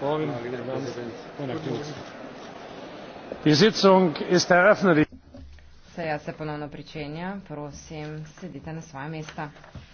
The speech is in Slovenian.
vorhin meine aktivnosti. Seja se ponovno pričenja. Prosim, sedite na svoja mesta.